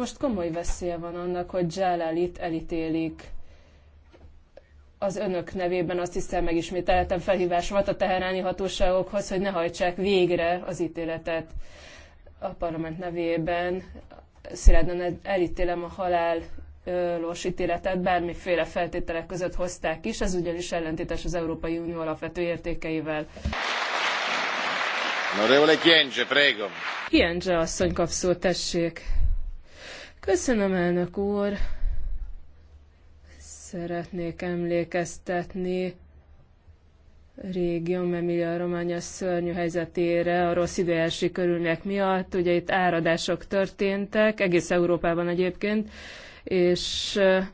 Most komoly veszélye van annak, hogy Jalalit elítélik az önök nevében azt hiszem megismételtem felhívásomat a teheráni hatóságokhoz, hogy ne hajtsák végre az ítéletet a parlament nevében. Szilárdan elítélem a halálos ítéletet, bármiféle feltételek között hozták is, ez ugyanis ellentétes az Európai Unió alapvető értékeivel. Honorevole Kienge, prego. Kienge asszony kapszó, tessék. Köszönöm, elnök úr. Szeretnék emlékeztetni régió Memilia Románya szörnyű helyzetére a rossz időjárási körülmények miatt. Ugye itt áradások történtek, egész Európában egyébként, és eh,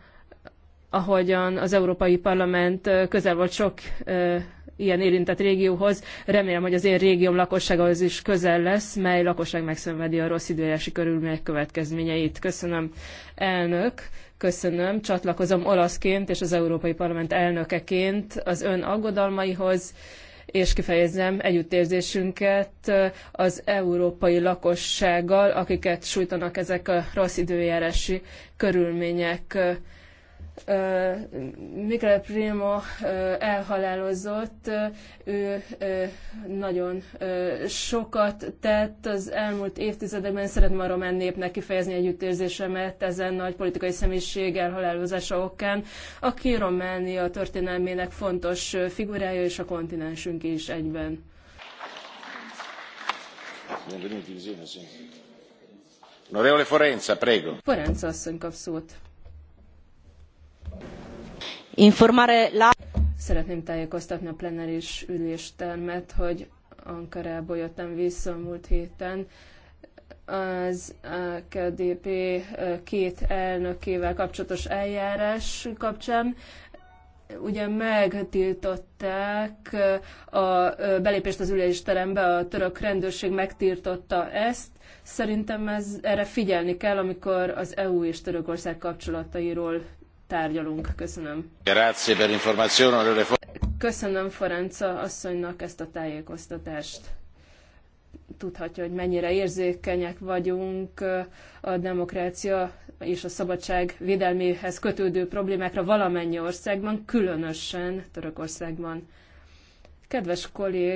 ahogyan az Európai Parlament eh, közel volt sok eh, ilyen érintett régióhoz. Remélem, hogy az én régióm lakosságához is közel lesz, mely lakosság megszenvedi a rossz időjárási körülmények következményeit. Köszönöm, elnök. Köszönöm, csatlakozom olaszként és az Európai Parlament elnökeként az ön aggodalmaihoz és kifejezem együttérzésünket az európai lakossággal, akiket sújtanak ezek a rossz időjárási körülmények. Mikkel Primo elhalálozott, ő nagyon sokat tett az elmúlt évtizedekben, szeretném a román népnek kifejezni együttérzésemet ezen nagy politikai személyiség elhalálozása okán, aki Románia történelmének fontos figurája és a kontinensünk is egyben. Onorevole Forenza, prego. Forenza asszony kap szót. Informare la... Szeretném tájékoztatni a plenáris üléstermet, hogy Ankarából jöttem vissza a múlt héten, az KDP eh, két elnökével kapcsolatos eljárás kapcsán. Eh, ugye megtiltották eh, a belépést az ülésterembe, a török rendőrség megtiltotta ezt. Szerintem ez, erre figyelni kell, amikor az EU és Törökország kapcsolatairól tárgyalunk. Köszönöm. Köszönöm Forenca asszonynak ezt a tájékoztatást. Tudhatja, hogy mennyire érzékenyek vagyunk eh, a demokrácia és a szabadság védelméhez kötődő problémákra valamennyi országban, különösen Törökországban. Kedves kollég!